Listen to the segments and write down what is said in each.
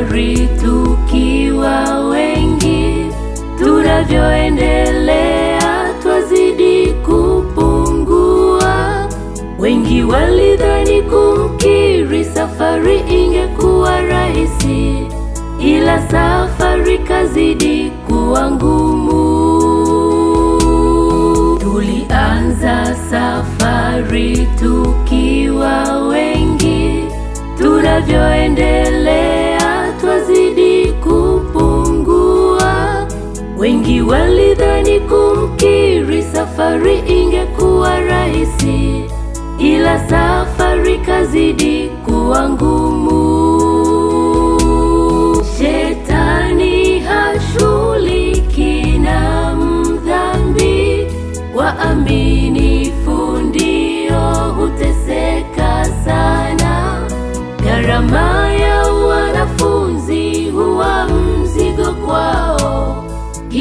safari tukiwa wengi, tunavyoendelea twazidi kupungua. Wengi walidhani kumkiri safari ingekuwa rahisi, ila safari kazidi kuwa ngumu. Tulianza safari tukiwa wengi, tunavyoendelea Wengi walidhani kumkiri, safari ingekuwa rahisi, ila safari kazidi kuwa ngumu. Shetani hashuliki na mdhambi, waamini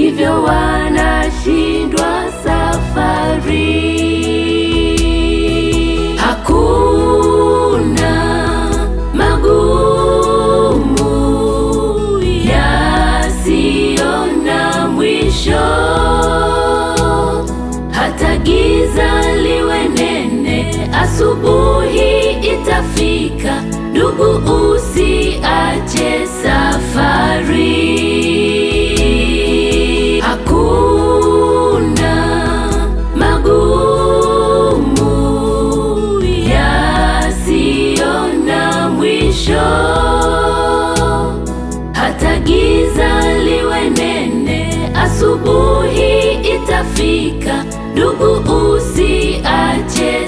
hivyo wanashindwa safari. Hakuna magumu yasiyo na mwisho, hata giza liwe nene, asubuhi itafika. Ndugu mwisho. hata giza liwe nene, asubuhi itafika. Ndugu, usiache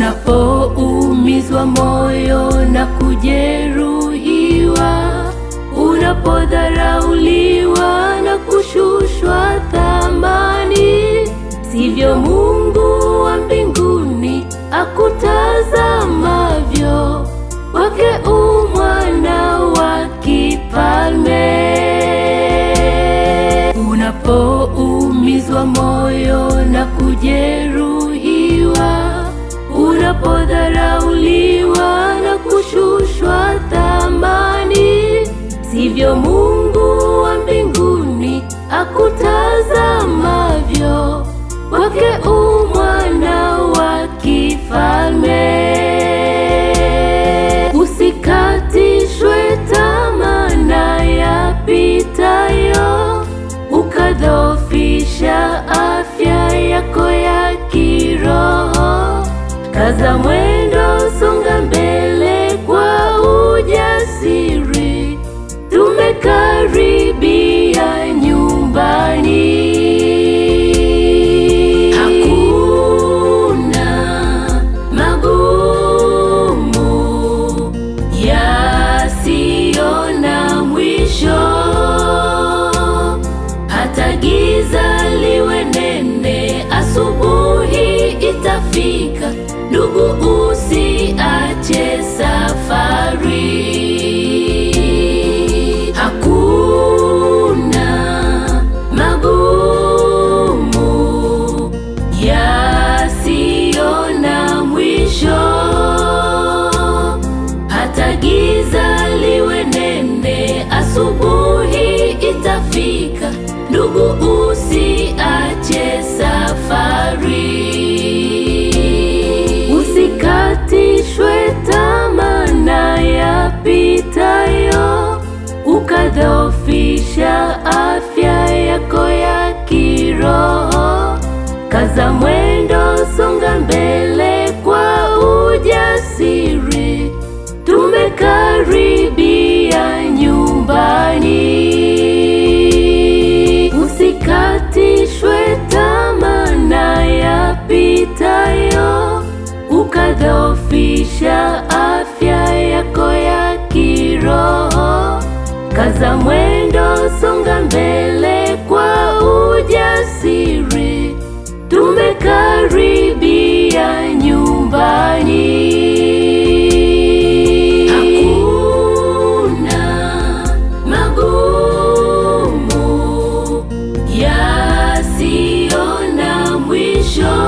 Unapoumizwa moyo na kujeruhiwa, unapodharauliwa na kushushwa thamani, sivyo Mungu wa mbinguni akutazamavyo, wake u mwana wa kifalme. Unapoumizwa moyo na kujeruhiwa Unapodharauliwa na kushushwa thamani, sivyo Mungu wa mbinguni akutazamavyo, wake umwana wa kifalme kuimarisha afya yako ya kiroho. Kaza mwendo, songa mbele kwa ujasiri. Tumekaribia nyumbani. Usikatishwe tamaa na yapitayo, ukadhoofisha afya yako ya kiroho. Kaza mwendo kuja nyumbani. Hakuna magumu yasiyo na mwisho,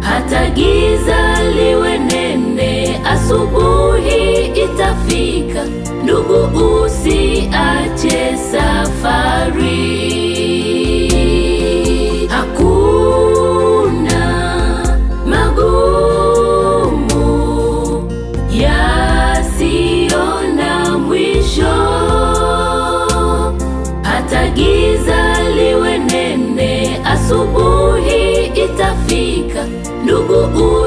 hata giza liwe nene, asubuhi itafika ndugu. ooh,